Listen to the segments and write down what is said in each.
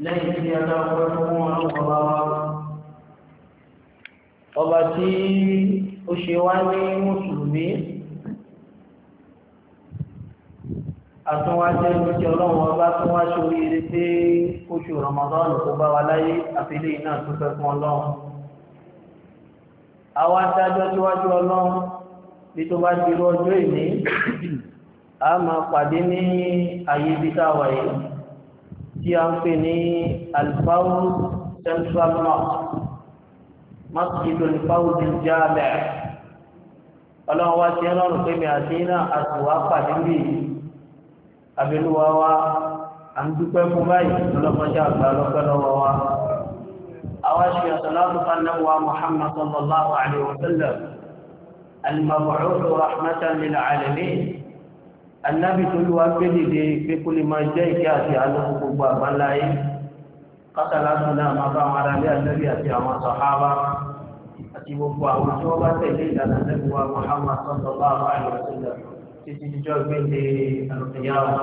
lẹ́yìn tí a dá ọpẹ́ fún ọlọ́pàá ọba tí ó ṣe wá ní mùsùlùmí àtúnwájẹ́ ìrìnjẹ́ ọlọ́run ọba tún wá sórí eré pé oṣù Ramadan kó bá wa láyé àfilẹ́ iná tó fẹ́ fún ọlọ́run àwa dájọ́ síwájú ọlọ́run bí tó bá dirú ọjọ́ ìní a máa pàdé ní àyè ibi tá a wà yìí tí a ń pè ní alfawu central mosque masjidu alfawu jaabe ọlọ́run wá sí ẹlọ́run pé mi àti iná àtùwá pàdé bí abẹ́lúwa wa à ń dúpẹ́ fún báyìí ọlọ́mọdé àgbà lọ́pẹ́ lọ́wọ́ wa. àwa ṣe àtàlámù fanáwá muhammad sallallahu alayhi wa sallam al-mabu'uth rahmatan lil alamin anábì tó lù wá gbé dìde pé kó lè máa jẹ́ ìkẹ́ àti àlọ́kù gbogbo àbáláyé kátàlá tó náà máa bá àwọn aráalé anábì àti àwọn sàhábà àti gbogbo àwọn tí wọ́n bá tẹ̀lé ìlànà anábì wa Muhammad sallallahu alaihi wasallam títí jíjọ́ gbé dé àlùkìyàwó.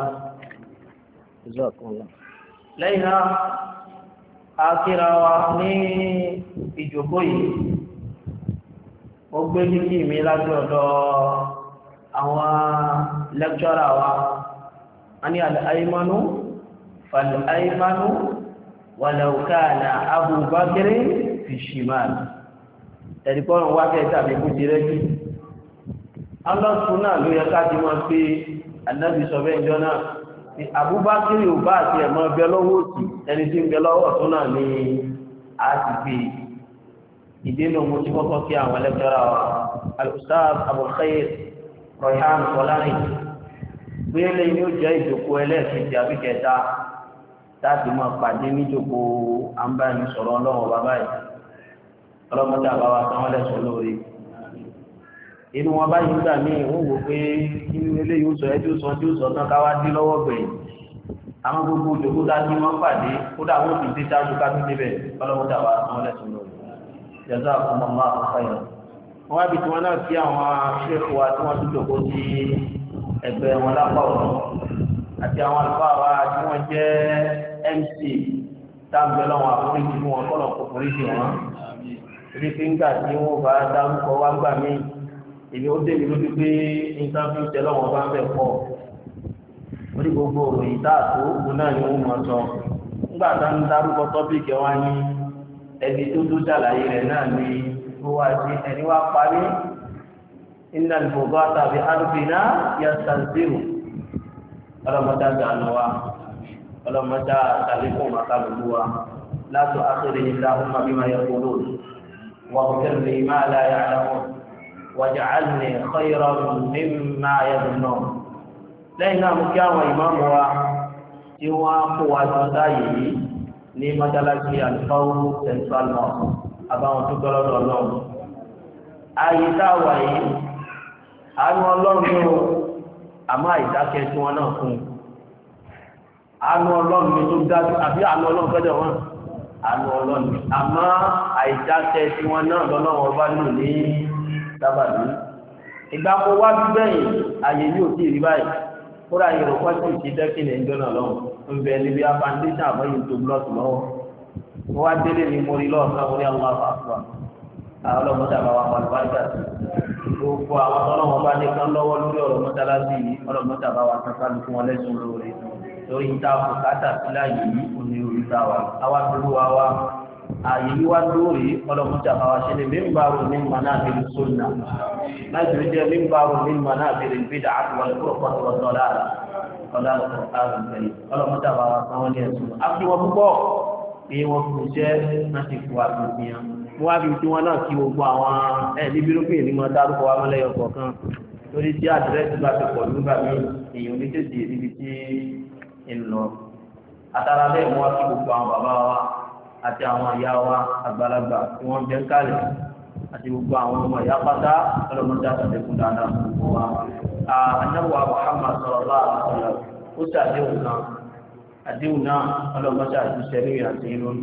lẹ́yìn náà a kíra wa ní ìjókòó yìí ó gbé ní kí mi lájọ́ ọ̀dọ́ àwọn lẹ́kítọ́rà wa a ní al'aimanu fal'aimanu wàlàukàlà abubakar fi shimal ẹ̀rìkọ́rùn wá kẹta lè kú dirẹ́kì alọ́sùn náà ló yẹ ká ti mọ́ pé anábì sọ bẹ́ẹ̀ jọ náà ni abubakar ò bá àti ẹ̀mọ́ bẹ lọ́wọ́ òsì ẹni tí ń bẹ lọ́wọ́ ọ̀tún náà a ti pè ìdénà mo ti kọ́kọ́ kí àwọn lẹ́kítọ́rà wa al-ustaz abul khair rọ̀ṣán sọlárì pé eléyìí yóò jẹ́ ìjókòó ẹlẹ́ẹ̀kejì àbí kẹta láti máa pàdé níjókòó àǹbáyìísọ̀rọ̀ ọlọ́wọ́ bàbá yìí ọlọ́mọdé àbáwá táwọn lẹ́sọ̀ lóore inú wọn báyìí gbà ní ìwọ́n wò pé inú eléyìí ó sọ ẹjọ́ sọ ẹjọ́ sọ tán káwá dín lọ́wọ́ gbẹ̀yìn àwọn gbogbo òjòkó dájú wọn pàdé kódà wọn ti dé dájú ká tó débẹ̀ ọlọ́mọdé àbáwá táwọn lẹ́sọ̀ lóore jẹ́sà fún ọmọ wọ́n á bí tiwọn náà sí àwọn ṣéèkù wa tí wọ́n ti jòkó sí ẹgbẹ́ wọn lápá ọ̀nà àti àwọn àlùfáà wa tí wọ́n jẹ́ mc táǹbẹ̀ lọ́wọ́ àforíjì fún wọn kọ́lọ̀ kò foríjì wọn torí pé nígbà tí wọ́n bá dárúkọ wá gbà mí èmi ó débi lójú pé nǹkan fi ń tẹ lọ́wọ́ bá ń bẹ̀ pọ̀ orí gbogbo òròyìn tá a tó òun náà ni wọ́n mọ̀ sọ nígbà tá ń dárúkọ tọ́pìkì wa ní ẹni tó tó ṣàlàyé rẹ̀ náà ni gbogbo àti ẹni wá parí iná ìbòbá tàbí arúgbìnà yà sàǹtìrù ọlọ́mọdá gbàánú wa ọlọ́mọdá tàlékún màkàlùkù wa látò ákèrè ìlà ọmọ bí máa yẹ kúrò wàhùkẹ́ lè máa láyà àdáwọn wàjà àlùmí xeyọrọ mi máa yẹ dùnú. lẹ́yìn náà mo kí àwọn ìmáàmù wa tí wọ́n kó wa jọ sáàyè yìí ní mọ́tálásí central north àbáwọn tó tọ́ lọ́dọ̀ ọlọ́run ààyè tá a wà yìí àánú ọlọ́run ní o àmọ́ àìdákẹ́ tí wọ́n náà fún un àánú ọlọ́run ní tó dájú àbí àánú ọlọ́run fẹ́dẹ̀ wọn àánú ọlọ́run àmọ́ àìdákẹ́ tí wọ́n náà lọ́nà wọn bá lò ní sábàbí ìgbà kó wá gbẹ̀yìn ààyè yóò tí ì rí báyìí kóra ìrọ̀pọ̀ tí ì ti dẹ́kìnì ń dọ́nà lọ́wọ́ ń bẹ níbi a àbọ̀yìn tó blọ́ọ̀tù lọ́wọ́ mo wá délé mi mo rí lọ́ọ̀kan mo ní àwọn àfààfà àwọn ọlọ́mọdé àbáwá pàlùbáríkà gbogbo àwọn ọlọ́wọ́n bá ní kán lọ́wọ́ lórí ọ̀rọ̀ mọ́tálásí yìí ọlọ́mọdé àbáwá kankan fún wọn lẹ́sùn lóore lórí níta bùkátà sílá yìí kò ní orí ta wa àwa dúró wa wá ààyè yìí wá lóore ọlọ́mọdé àbáwá ṣe ni mímbàrún ní màná àbẹ̀rẹ̀ sọ́nà láti rí jẹ́ mímbàrún ní màná àbẹ̀rẹ̀ bídà àtúwọ̀n kúrò pàtàkì ọ̀dọ́ pé wọ́n fún iṣẹ́ láti fò àtúnfìyàn mo wá fi tí wọ́n náà kí gbogbo àwọn ẹ̀ níbi ló pè ní mo dárúkọ wa mọ́lẹ́yọ kọ̀ọ̀kan torí tí àdírẹ́sì bá ti pọ̀ nígbà mí èèyàn ní tètè níbi tí ń lọ àtàrà bẹ́ẹ̀ mo wá kí gbogbo àwọn bàbá wa àti àwọn ìyá wa àgbàlagbà tí wọ́n jẹ́ kálẹ̀ àti gbogbo àwọn ọmọ ìyá pátá ọlọ́mọdé àtàlẹ́kùn dáadáa gbogbo wa. àdáwò Muhammad sallallahu alaihi àdéhùn náà ọlọ́gbọ́sá àti sẹ́rí àti irun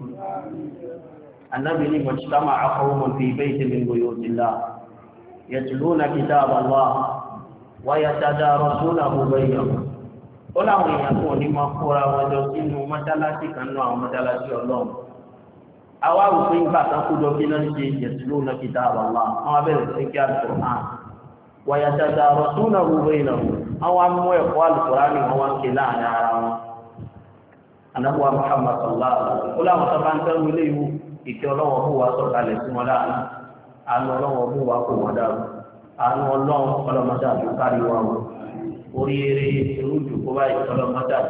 annabi ni mọ̀tíkámà akọrùmọ̀ fi ibẹ́ ìtẹ̀lẹ̀ ìgbòyò òtìlá yẹtùlúnà kitab Allah wáyà tàdá rọ́súnà gbogbo èèyàn ó láwọn èèyàn kò ní máa kóra wọn jọ sínú mọ́tálásí kan náà àwọn mọ́tálásí ọlọ́run àwa òfin gbà kan kójọ kí wọn anáwó Muhammad sallallahu alaihi wasallam ó láwọn tó bá ń tẹ́wọ́ ilé ìwò ìtẹ́ ọlọ́wọ́ fún wa sọ̀kalẹ̀ sí wọn láàánú àánú ọlọ́wọ́ fún wa kò wọ́n dàrú àánú ọlọ́wọ́ ọlọ́mọdé àti kárí wa wò oríire irú jù kó báyìí ọlọ́mọdé àti